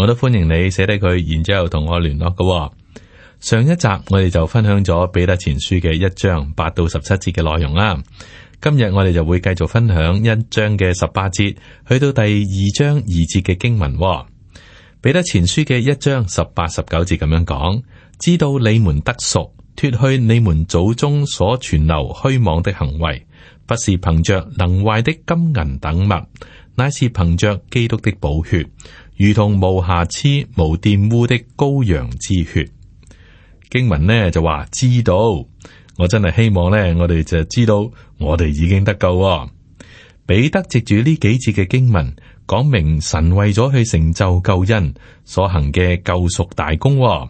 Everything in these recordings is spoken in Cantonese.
我都歡迎你寫低佢，然之後同我聯絡嘅、哦。上一集我哋就分享咗彼得前書嘅一章八到十七節嘅內容啦、啊。今日我哋就會繼續分享一章嘅十八節去到第二章二節嘅經文、哦。彼得前書嘅一章十八十九節咁樣講，知道你們得贖，脫去你們祖宗所傳流虛妄的行為，不是憑着能壞的金銀等物，乃是憑着基督的寶血。如同無瑕疵，無玷污的羔羊之血。經文呢就話知道，我真係希望呢，我哋就知道我哋已經得救、哦。彼得藉住呢幾節嘅經文，講明神為咗去成就救恩所行嘅救贖大功、哦。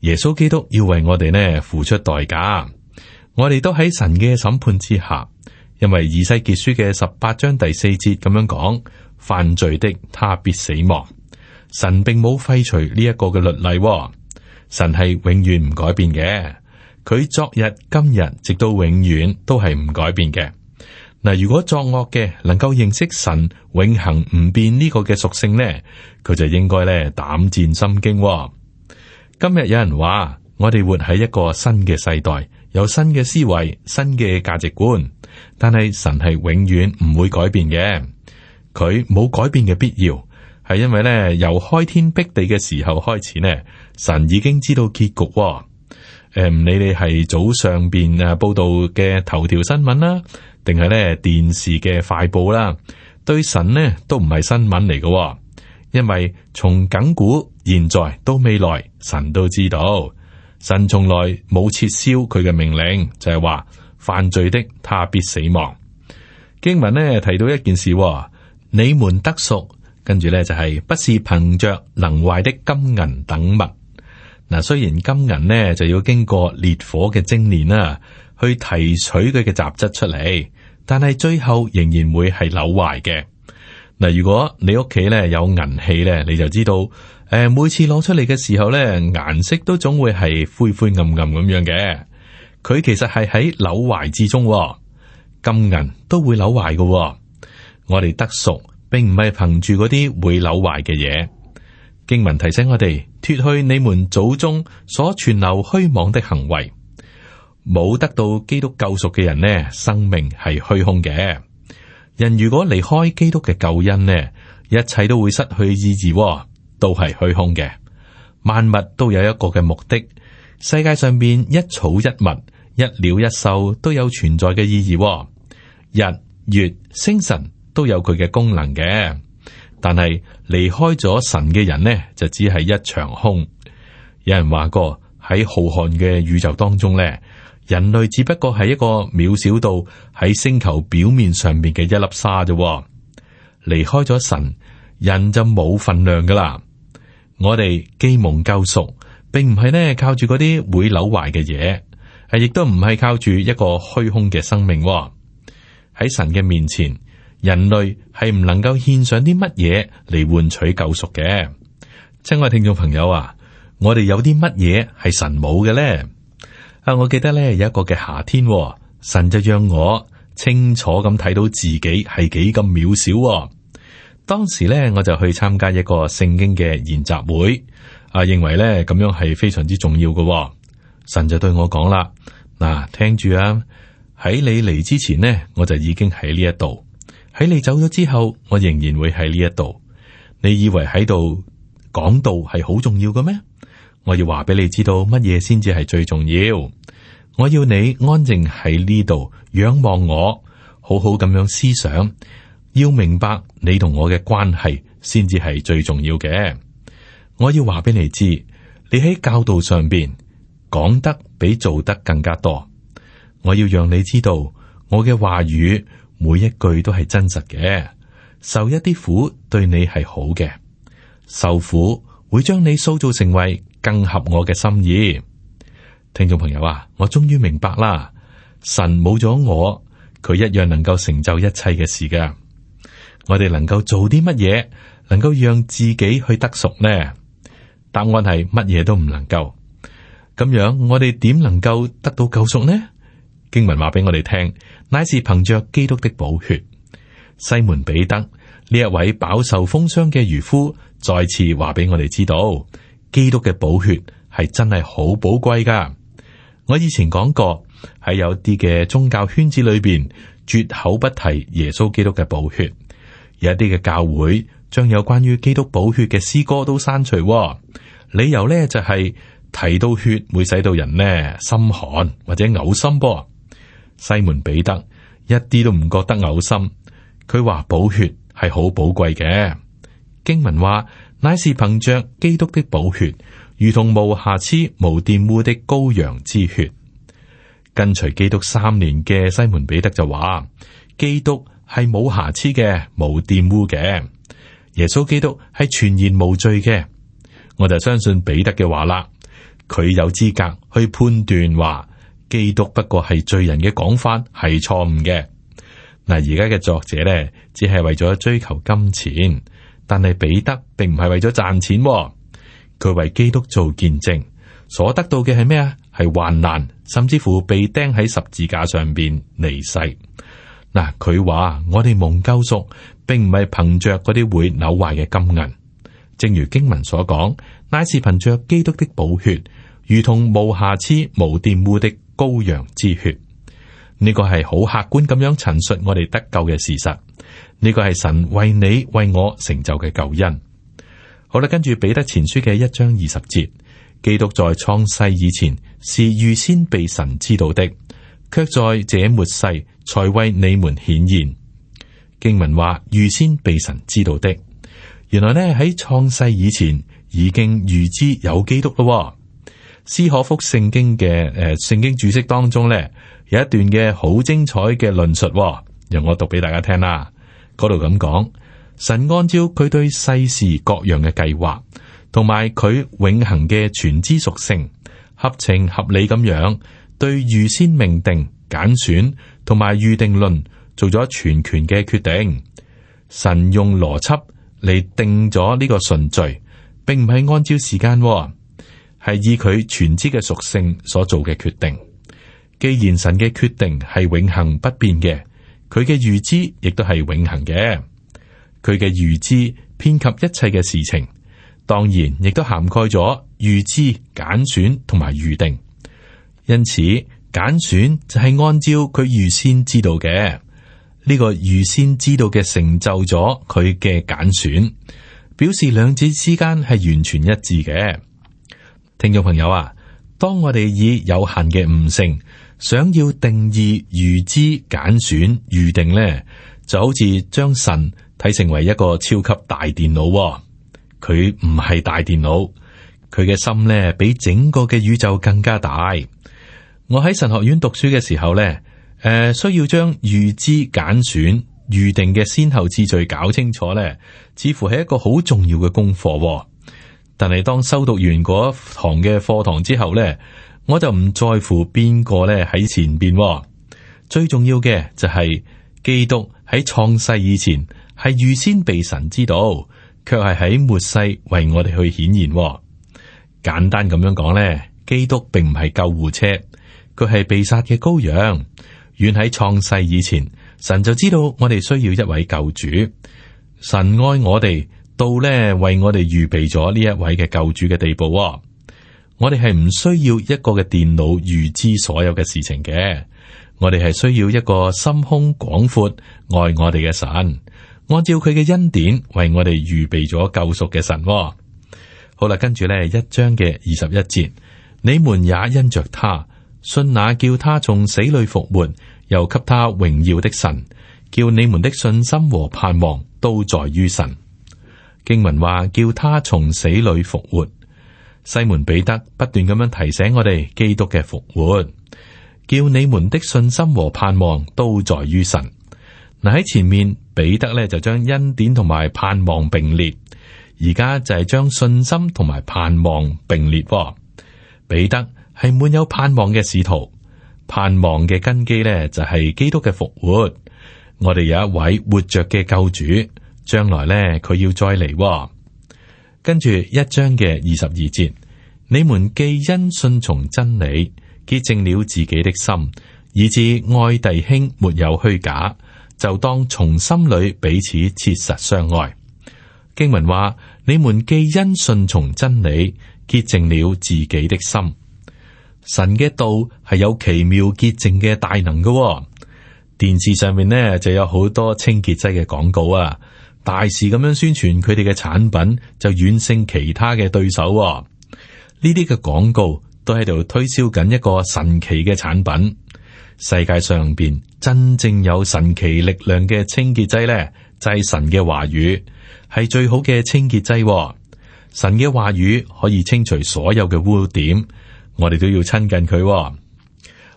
耶穌基督要為我哋呢付出代價，我哋都喺神嘅審判之下，因為以西結書嘅十八章第四節咁樣講。犯罪的他必死亡。神並冇廢除呢一個嘅律例，神係永遠唔改變嘅。佢昨日、今日，直到永遠都係唔改變嘅。嗱，如果作惡嘅能夠認識神永恒唔變呢個嘅屬性呢，佢就應該咧膽戰心驚。今日有人話，我哋活喺一個新嘅世代，有新嘅思維、新嘅價值觀，但係神係永遠唔會改變嘅。佢冇改變嘅必要，係因為咧由開天闢地嘅時候開始呢，神已經知道結局、哦。誒、呃，唔理你係早上邊誒、啊、報道嘅頭條新聞啦，定係咧電視嘅快報啦，對神呢都唔係新聞嚟嘅、哦，因為從亙古現在到未來，神都知道，神從來冇撤銷佢嘅命令，就係、是、話犯罪的他必死亡。經文呢提到一件事、哦。你們得贖，跟住咧就係不是憑着能壞的金銀等物。嗱，雖然金銀呢就要經過烈火嘅精煉啊，去提取佢嘅雜質出嚟，但係最後仍然會係扭壞嘅。嗱，如果你屋企咧有銀器咧，你就知道，誒，每次攞出嚟嘅時候咧，顏色都總會係灰灰暗暗咁樣嘅。佢其實係喺扭壞之中，金銀都會扭壞嘅。我哋得贖並唔係憑住嗰啲會扭壞嘅嘢。經文提醒我哋，脫去你們祖宗所傳流虛妄的行為。冇得到基督救贖嘅人呢，生命係虛空嘅。人如果離開基督嘅救恩呢，一切都會失去意義，都係虛空嘅。萬物都有一個嘅目的，世界上面一草一物、一鳥一獸都有存在嘅意義。日月星辰。都有佢嘅功能嘅，但係離開咗神嘅人呢，就只係一場空。有人話過，喺浩瀚嘅宇宙當中呢，人類只不過係一個渺小到喺星球表面上面嘅一粒沙啫。離開咗神，人就冇份量噶啦。我哋既蒙救贖，並唔係呢靠住嗰啲會扭壞嘅嘢，係亦都唔係靠住一個虛空嘅生命喺神嘅面前。人類係唔能夠獻上啲乜嘢嚟換取救贖嘅。親愛聽眾朋友啊，我哋有啲乜嘢係神冇嘅咧？啊，我記得咧有一個嘅夏天，神就讓我清楚咁睇到自己係幾咁渺小。當時咧我就去參加一個聖經嘅研習會，啊，認為咧咁樣係非常之重要嘅。神就對我講啦：「嗱，聽住啊，喺你嚟之前呢，我就已經喺呢一度。喺你走咗之後，我仍然會喺呢一度。你以為喺度講道係好重要嘅咩？我要話俾你知道乜嘢先至係最重要。我要你安靜喺呢度仰望我，好好咁樣思想，要明白你同我嘅關係先至係最重要嘅。我要話俾你知，你喺教導上邊講得比做得更加多。我要讓你知道我嘅話語。每一句都係真實嘅，受一啲苦對你係好嘅，受苦會將你塑造成為更合我嘅心意。聽眾朋友啊，我終於明白啦，神冇咗我，佢一樣能夠成就一切嘅事噶。我哋能夠做啲乜嘢，能夠讓自己去得贖呢？答案係乜嘢都唔能夠。咁樣我哋點能夠得到救贖呢？經文話俾我哋聽，乃是憑着基督的寶血。西門彼得呢一位飽受風霜嘅漁夫，再次話俾我哋知道，基督嘅寶血係真係好寶貴噶。我以前講過，喺有啲嘅宗教圈子裏邊，絕口不提耶穌基督嘅寶血；有一啲嘅教會將有關於基督寶血嘅詩歌都刪除，理由呢就係、是、提到血會使到人呢心寒或者嘔心噃。西門彼得一啲都唔覺得嘔心，佢話寶血係好寶貴嘅。經文話，乃是憑着基督的寶血，如同無瑕疵、無玷污的羔羊之血。跟隨基督三年嘅西門彼得就話，基督係冇瑕疵嘅，無玷污嘅。耶穌基督係全然無罪嘅，我就相信彼得嘅話啦。佢有資格去判斷話。基督不過係罪人嘅講法係錯誤嘅。嗱，而家嘅作者咧只係為咗追求金錢，但係彼得並唔係為咗賺錢，哦，佢為基督做見證，所得到嘅係咩啊？係患難，甚至乎被釘喺十字架上邊離世。嗱，佢話我哋蒙救贖，並唔係憑着嗰啲會扭壞嘅金銀，正如經文所講，乃是憑着基督的寶血，如同無瑕疵、無玷污的。羔羊之血，呢個係好客觀咁樣陳述我哋得救嘅事實。呢個係神為你為我成就嘅救恩。好啦，跟住彼得前書嘅一章二十節，基督在創世以前是預先被神知道的，卻在這末世才為你們顯現。經文話預先被神知道的，原來呢，喺創世以前已經預知有基督咯。斯可福聖經嘅，誒、呃，聖經註釋當中咧有一段嘅好精彩嘅論述，哦,由我讀俾大家聽啦。嗰度咁講神按照佢對世事各樣嘅計劃，同埋佢永恆嘅全知屬性，合情合理咁樣對預先命定、揀選同埋預定論做咗全權嘅決定。神用邏輯嚟定咗呢個順序，並唔係按照時間、哦。係以佢全知嘅屬性所做嘅決定。既然神嘅決定係永恆不變嘅，佢嘅預知亦都係永恆嘅。佢嘅預知遍及一切嘅事情，當然亦都涵蓋咗預知、揀選同埋預定。因此，揀選就係按照佢預先知道嘅呢、這個預先知道嘅成就咗佢嘅揀選，表示兩者之間係完全一致嘅。聽眾朋友啊，當我哋以有限嘅悟性想要定義、預知、揀選、預定呢，就好似將神睇成為一個超級大電腦喎。佢唔係大電腦，佢嘅心呢，比整個嘅宇宙更加大。我喺神學院讀書嘅時候呢，誒、呃，需要將預知、揀選、預定嘅先後次序搞清楚呢，似乎係一個好重要嘅功課喎。但係當修讀完嗰一堂嘅課堂之後呢，我就唔在乎邊個咧喺前邊。最重要嘅就係基督喺創世以前係預先被神知道，卻係喺末世為我哋去顯現。簡單咁樣講呢，基督並唔係救護車，佢係被殺嘅羔羊。遠喺創世以前，神就知道我哋需要一位救主。神愛我哋。到呢為我哋預備咗呢一位嘅救主嘅地步，哦，我哋係唔需要一個嘅電腦預知所有嘅事情嘅。我哋係需要一個心胸廣闊、愛我哋嘅神，按照佢嘅恩典為我哋預備咗救贖嘅神，哦。好啦，跟住呢一章嘅二十一節，你們也因着他，信那叫他從死裏復活，又給他榮耀的神，叫你們的信心和盼望都在於神。經文話叫他從死裏復活，西門彼得不斷咁樣提醒我哋基督嘅復活，叫你們的信心和盼望都在於神。嗱，喺前面彼得咧，就將恩典同埋盼望並列，而家就係將信心同埋盼望並列噃。彼得係滿有盼望嘅使徒，盼望嘅根基咧，就係基督嘅復活，我哋有一位活着嘅救主。將來呢，佢要再嚟、哦、跟住一章嘅二十二節，你們既因順從真理潔淨了自己的心，以致愛弟兄沒有虛假，就當從心裏彼此切實相愛。經文話：你們既因順從真理潔淨了自己的心，神嘅道係有奇妙潔淨嘅大能嘅、哦。電視上面呢，就有好多清潔劑嘅廣告啊。大肆咁樣宣傳佢哋嘅產品，就遠勝其他嘅對手、哦。呢啲嘅廣告都喺度推銷緊一個神奇嘅產品。世界上邊真正有神奇力量嘅清潔劑呢，就係、是、神嘅話語，係最好嘅清潔劑、哦。神嘅話語可以清除所有嘅污點，我哋都要親近佢、哦。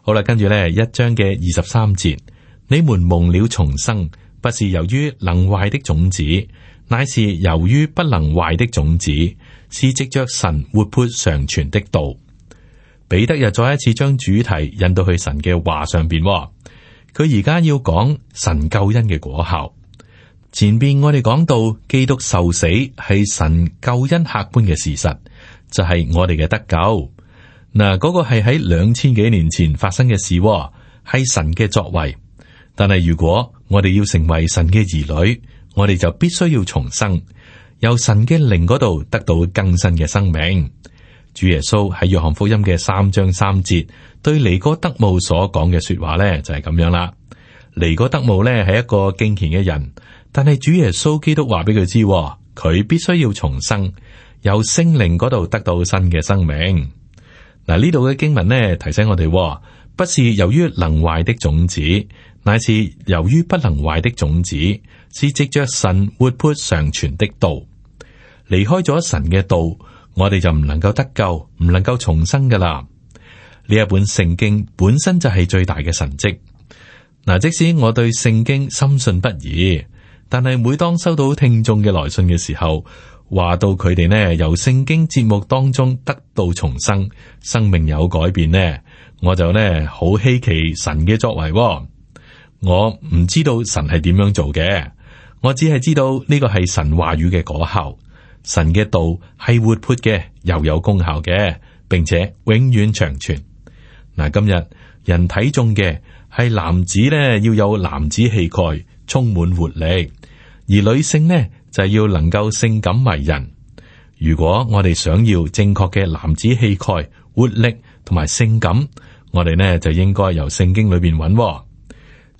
好啦，跟住呢一章嘅二十三節，你們蒙了重生。不是由於能壞的種子，乃是由於不能壞的種子，是藉着神活潑常存的道。彼得又再一次將主題引到去神嘅話上邊。佢而家要講神救恩嘅果效。前邊我哋講到基督受死係神救恩客觀嘅事實，就係、是、我哋嘅得救。嗱，嗰、那個係喺兩千幾年前發生嘅事，係神嘅作為。但係如果，我哋要成為神嘅兒女，我哋就必須要重生，由神嘅靈嗰度得到更新嘅生命。主耶穌喺約翰福音嘅三章三節，對尼哥德慕所講嘅說話呢，就係咁樣啦。尼哥德慕呢係一個敬虔嘅人，但係主耶穌基督話俾佢知，佢必須要重生，由聖靈嗰度得到新嘅生命。嗱，呢度嘅經文呢，提醒我哋。不是由於能壞的種子，乃是由於不能壞的種子，是藉着神活潑常存的道。離開咗神嘅道，我哋就唔能夠得救，唔能夠重生噶啦。呢一本聖經本身就係最大嘅神蹟。嗱，即使我對聖經深信不疑，但係每當收到聽眾嘅來信嘅時候，話到佢哋呢由聖經節目當中得到重生，生命有改變呢？我就呢，好稀奇神嘅作為，我唔知道神係點樣做嘅，我只係知道呢個係神話語嘅果效，神嘅道係活潑嘅，又有功效嘅，並且永遠長存。嗱，今日人睇重嘅係男子呢，要有男子氣概、充滿活力；而女性呢，就要能夠性感迷人。如果我哋想要正確嘅男子氣概、活力同埋性感，我哋呢就應該由聖經裏邊揾、喎，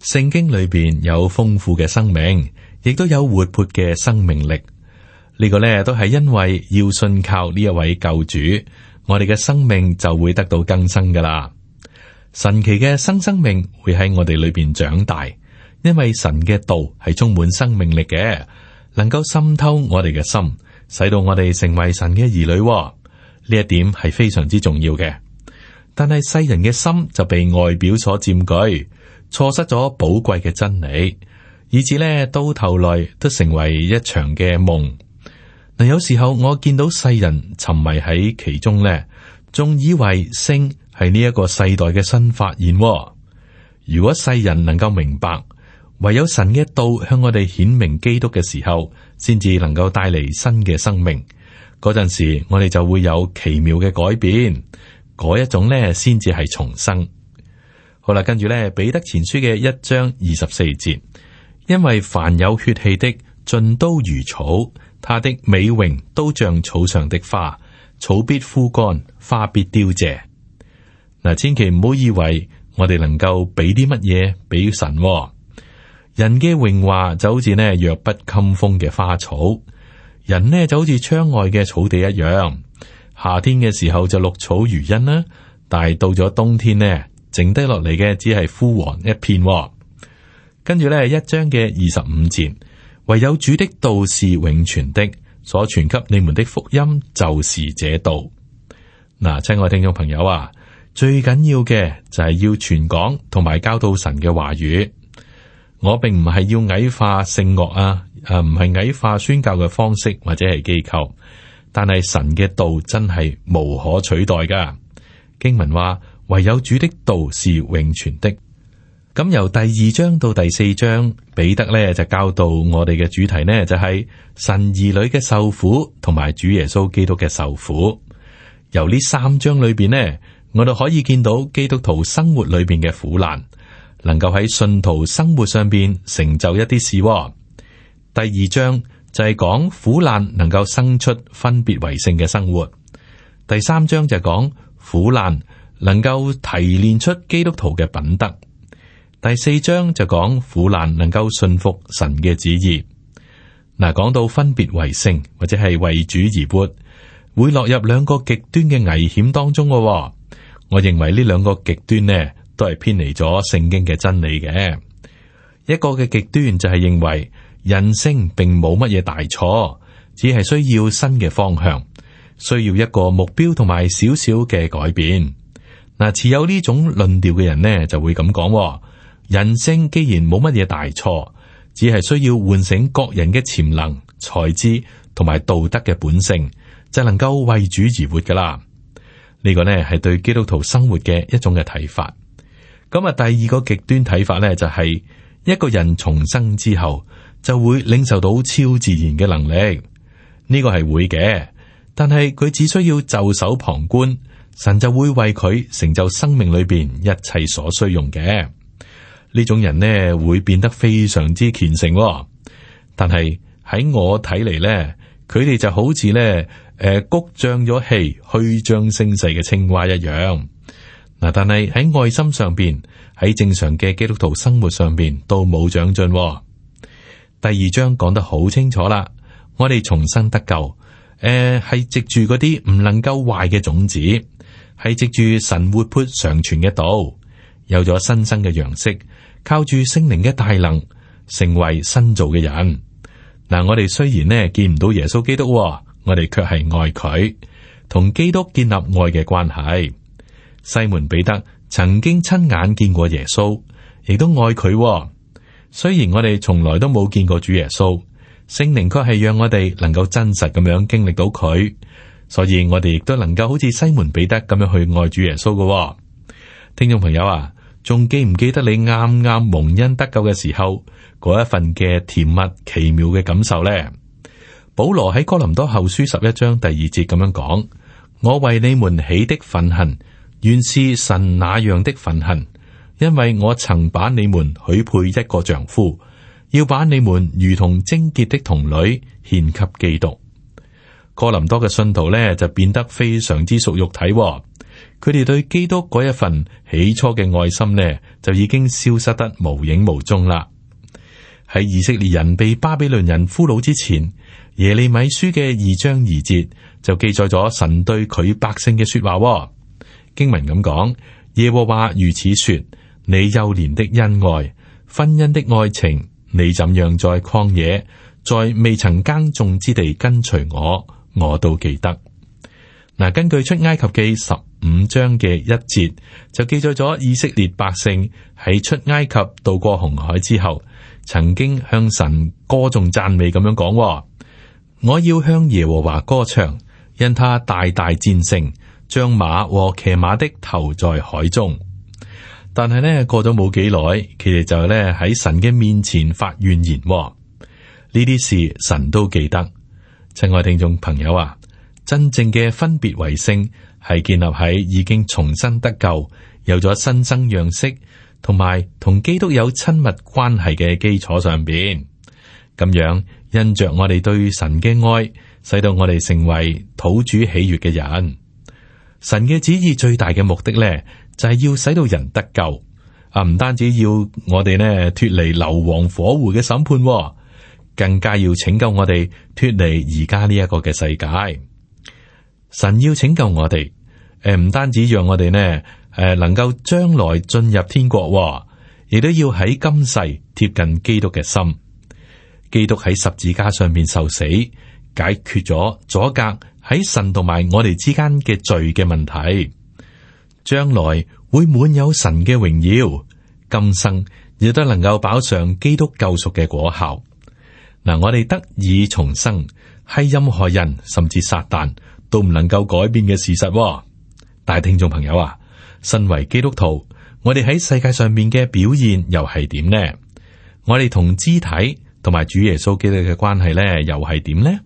聖經裏邊有豐富嘅生命，亦都有活潑嘅生命力。呢、呢個呢都係因為要信靠呢一位救主，我哋嘅生命就會得到更新噶啦。神奇嘅新生，生命會喺我哋裏邊長大，因為神嘅道係充滿生命力嘅，能夠滲透我哋嘅心，使到我哋成為神嘅兒女、喎。呢一點係非常之重要嘅。但係世人嘅心就被外表所佔據，錯失咗寶貴嘅真理，以至呢到頭來都成為一場嘅夢。嗱，有時候我見到世人沉迷喺其中呢，仲以為聖係呢一個世代嘅新發現，哦。如果世人能夠明白，唯有神嘅道向我哋顯明基督嘅時候，先至能夠帶嚟新嘅生命。嗰陣時，我哋就會有奇妙嘅改變。嗰一種咧，先至係重生。好啦，跟住咧，彼得前書嘅一章二十四節，因為凡有血氣的，盡都如草，它的美榮都像草上的花，草必枯乾，花必凋謝。嗱，千祈唔好以為我哋能夠俾啲乜嘢俾神喎。人嘅榮華就好似咧弱不禁風嘅花草，人呢就好似窗外嘅草地一樣。夏天嘅時候就綠草如茵啦，但係到咗冬天呢，剩低落嚟嘅只係枯黃一片。跟住呢，一章嘅二十五節，唯有主的道是永存的，所傳給你們的福音就是這道。嗱、啊，親愛聽眾朋友啊，最緊要嘅就係要傳講同埋教導神嘅話語。我並唔係要矮化聖樂啊，誒唔係矮化宣教嘅方式或者係機構。但係神嘅道真係無可取代噶。經文話，唯有主的道是永存的。咁由第二章到第四章，彼得咧就教導我哋嘅主題呢，就係、是、神兒女嘅受苦，同埋主耶穌基督嘅受苦。由呢三章裏邊呢，我哋可以見到基督徒生活裏邊嘅苦難，能夠喺信徒生活上邊成就一啲事。第二章。就係講苦難能夠生出分別為聖嘅生活。第三章就講苦難能夠提煉出基督徒嘅品德。第四章就講苦難能夠信服神嘅旨意。嗱，講到分別為聖或者係為主而活，會落入兩個極端嘅危險當中嘅。我認為呢兩個極端呢，都係偏離咗聖經嘅真理嘅。一個嘅極端就係認為。人性並冇乜嘢大錯，只係需要新嘅方向，需要一個目標同埋少少嘅改變。嗱，持有呢種論調嘅人呢，就會咁講。人性既然冇乜嘢大錯，只係需要喚醒各人嘅潛能、才智同埋道德嘅本性，就能夠為主而活噶啦。呢個呢係對基督徒生活嘅一種嘅睇法。咁啊，第二個極端睇法呢，就是，就係一個人重生之後，就會領受到超自然嘅能力，呢個係會嘅。但係佢只需要袖手旁觀，神就會為佢成就生命裏邊一切所需用嘅。呢種人呢，會變得非常之虔誠。但係喺我睇嚟呢，佢哋就好似呢，誒、呃，谷脹咗氣、虛張聲勢嘅青蛙一樣嗱。但係喺愛心上邊，喺正常嘅基督徒生活上邊，都冇長進。第二章講得好清楚啦，我哋重生得救，誒係藉住嗰啲唔能夠壞嘅種子，係藉住神活潑常存嘅道，有咗新生嘅樣式，靠住聖靈嘅大能，成為新造嘅人。嗱、呃，我哋雖然呢見唔到耶穌基督，哦，我哋卻係愛佢，同基督建立愛嘅關係。西門彼得曾經親眼見過耶穌，亦都愛佢，哦。雖然我哋從來都冇見過主耶穌，聖靈卻係讓我哋能夠真實咁樣經歷到佢，所以我哋亦都能夠好似西門彼得咁樣去愛主耶穌㗎喎。聽眾朋友啊，仲記唔記得你啱啱蒙恩得救嘅時候嗰一份嘅甜蜜奇妙嘅感受呢？保羅喺哥林多後書十一章第二節咁樣講：我為你們起的憤恨，原是神那樣的憤恨。因為我曾把你們許配一個丈夫，要把你們如同貞潔的童女獻給基督。哥林多嘅信徒咧就變得非常之屬肉體、哦，佢哋對基督嗰一份起初嘅愛心呢，就已經消失得無影無蹤啦。喺以色列人被巴比倫人俘虜之前，耶利米書嘅二章二節就記載咗神對佢百姓嘅說話、哦、經文咁講：耶和華如此說。你幼年的恩愛，婚姻的愛情，你怎樣在曠野，在未曾耕種之地跟隨我，我都記得。嗱、啊，根據出埃及記十五章嘅一節，就記載咗以色列百姓喺出埃及渡過紅海之後，曾經向神歌頌讚美咁樣講：我要向耶和華歌唱，因他大大戰勝，將馬和騎馬的投在海中。但係咧，過咗冇幾耐，佢哋就咧喺神嘅面前發怨言哦。呢啲事神都記得。親愛聽眾朋友啊，真正嘅分別為聖，係建立喺已經重生得救、有咗新生樣式，同埋同基督有親密關係嘅基礎上邊。咁樣因着我哋對神嘅愛，使到我哋成為討主喜悅嘅人。神嘅旨意最大嘅目的咧。就係要使到人得救啊！唔單止要我哋呢脫離硫磺火湖嘅審判，更加要拯救我哋脫離而家呢一個嘅世界。神要拯救我哋，誒，唔單止讓我哋呢誒能夠將來進入天國，亦都要喺今世貼近基督嘅心。基督喺十字架上面受死，解決咗阻隔喺神同埋我哋之間嘅罪嘅問題。將來會滿有神嘅榮耀，今生亦都能夠飽嘗基督救贖嘅果效。嗱，我哋得以重生，係任何人甚至撒旦都唔能夠改變嘅事實。但係聽眾朋友啊，身為基督徒，我哋喺世界上面嘅表現又係點呢？我哋同肢體同埋主耶穌基督嘅關係呢？又係點呢？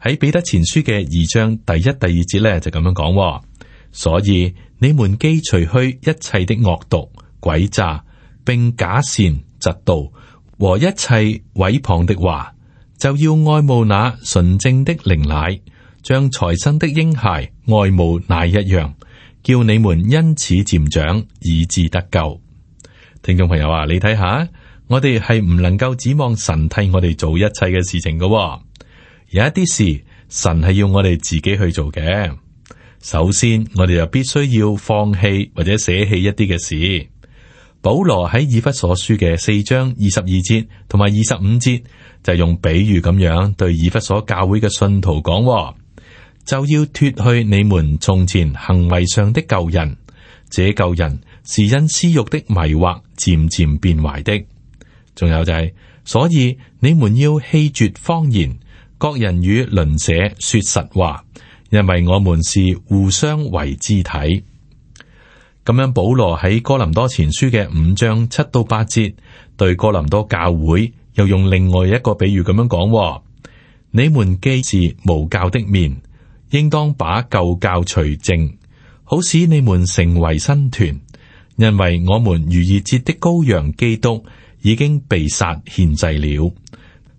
喺彼得前書嘅二章第一、第二節咧就咁樣講，所以。你們既除去一切的惡毒、詭詐，並假善、嫉妒和一切毀謗的話，就要愛慕那純正的靈奶，像才生的嬰孩愛慕奶一樣，叫你們因此漸長，以致得救。聽眾朋友啊，你睇下，我哋係唔能夠指望神替我哋做一切嘅事情嘅。哦，有一啲事神係要我哋自己去做嘅。首先，我哋就必須要放棄或者捨棄一啲嘅事。保羅喺以弗所書嘅四章二十二節同埋二十五節，就是、用比喻咁樣對以弗所教會嘅信徒講：，就要脫去你們從前行為上的舊人，這舊人是因私慾的迷惑漸漸變壞的。仲有就係、是，所以你們要棄絕謊言，各人與鄰舍說實話。因為我們是互相為肢體，咁樣保羅喺哥林多前書嘅五章七到八節對哥林多教會又用另外一個比喻咁樣講、哦：，你們既是無酵的麵，應當把舊酵除淨，好使你們成為新團。因為我們逾越節的羔羊基督已經被殺獻祭了，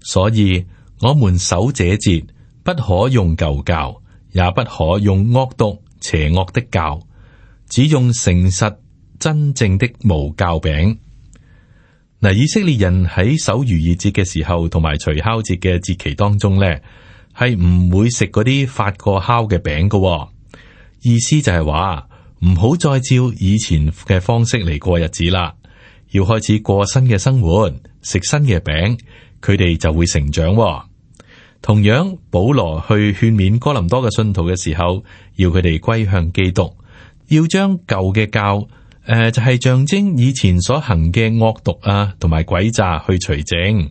所以我們守這節，不可用舊酵。也不可用惡毒邪惡的酵，只用誠實真正的無酵餅。嗱，以色列人喺守逾越節嘅時候，同埋除酵節嘅節期當中呢，係唔會食嗰啲發過酵嘅餅嘅。意思就係話唔好再照以前嘅方式嚟過日子啦，要開始過新嘅生活，食新嘅餅，佢哋就會成長哦。同樣，保羅去勸勉哥林多嘅信徒嘅時候，要佢哋歸向基督，要將舊嘅教，誒、呃，就係、是、象徵以前所行嘅惡毒啊，同埋詭詐去除淨。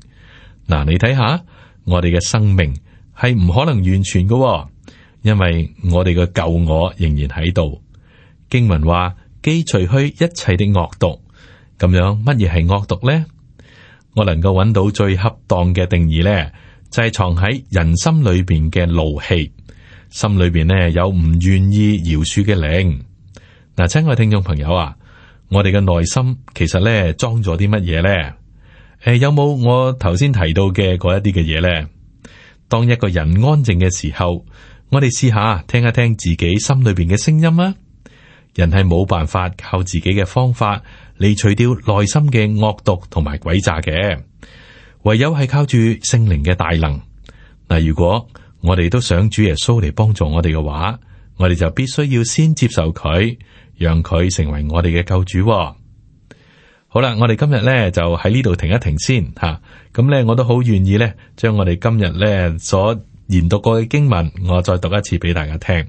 嗱、呃，你睇下我哋嘅生命係唔可能完全嘅、哦，因為我哋嘅舊我仍然喺度。經文話，既除去一切的惡毒，咁樣乜嘢係惡毒呢？我能夠揾到最恰當嘅定義呢？就係藏喺人心裏邊嘅怒氣，心裏邊呢有唔願意饒恕嘅靈。嗱，親愛聽眾朋友啊，我哋嘅內心其實呢裝咗啲乜嘢呢？誒、欸，有冇我頭先提到嘅嗰一啲嘅嘢呢？當一個人安靜嘅時候，我哋試下聽一聽自己心裏邊嘅聲音啊。人係冇辦法靠自己嘅方法嚟除掉內心嘅惡毒同埋詭詐嘅。唯有係靠住聖靈嘅大能。嗱，如果我哋都想主耶穌嚟幫助我哋嘅話，我哋就必須要先接受佢，讓佢成為我哋嘅救主，哦。好啦，我哋今日呢就喺呢度停一停先吓。咁，啊，呢，我都好願意呢將我哋今日呢所研讀過嘅經文，我再讀一次俾大家聽。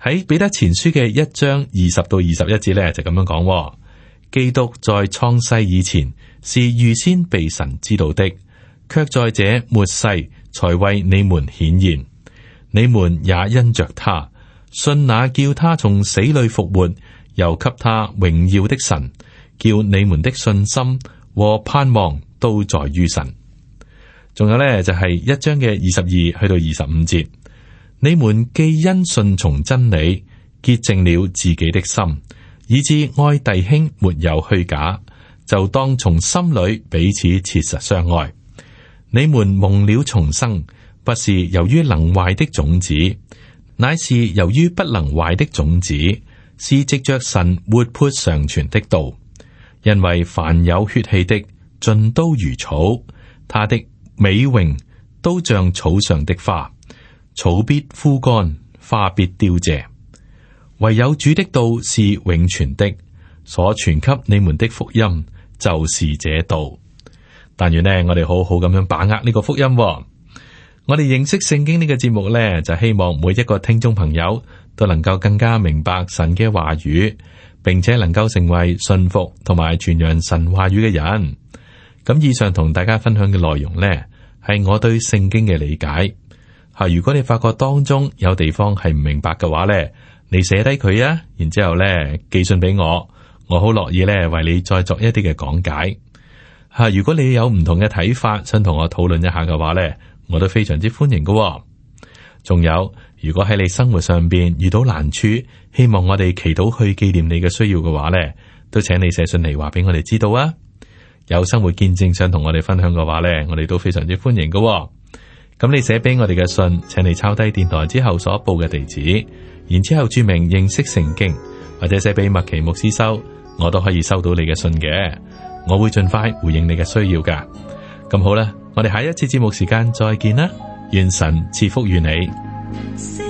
喺彼得前書嘅一章二十到二十一節呢，就咁樣講，哦：基督在創世以前。是預先被神知道的，卻在這末世才為你們顯現。你們也因着他信那叫他從死裏復活、又給他榮耀的神，叫你們的信心和盼望都在於神。仲有呢，就係、是、一章嘅二十二去到二十五節，你們既因信從真理，潔淨了自己的心，以致愛弟兄沒有虛假。就當從心裏彼此切實相愛。你們蒙了重生，不是由於能壞的種子，乃是由於不能壞的種子，是藉着神活潑常存的道。因為凡有血氣的，盡都如草，他的美榮都像草上的花，草必枯乾，花必凋謝。唯有主的道是永存的，所傳給你們的福音。就是這道，但願呢，我哋好好咁樣把握呢個福音喎。我哋認識聖經呢個節目呢，就希望每一個聽眾朋友都能夠更加明白神嘅話語，並且能夠成為信服同埋傳揚神話語嘅人。咁以上同大家分享嘅內容呢，係我對聖經嘅理解。吓，如果你發覺當中有地方係唔明白嘅話呢，你寫低佢啊，然之後咧，寄信俾我。我好樂意咧，為你再作一啲嘅講解吓、啊。如果你有唔同嘅睇法，想同我討論一下嘅話呢，我都非常之歡迎嘅、哦。仲有，如果喺你生活上邊遇到難處，希望我哋祈禱去紀念你嘅需要嘅話呢，都請你寫信嚟話俾我哋知道啊。有生活見證想同我哋分享嘅話呢，我哋都非常之歡迎嘅、哦。咁你寫俾我哋嘅信，請你抄低電台之後所報嘅地址，然之後注明認識聖經，或者寫俾麥奇牧師收。我都可以收到你嘅信嘅，我會盡快回應你嘅需要噶。咁好啦，我哋下一次節目時間再見啦，願神賜福於你。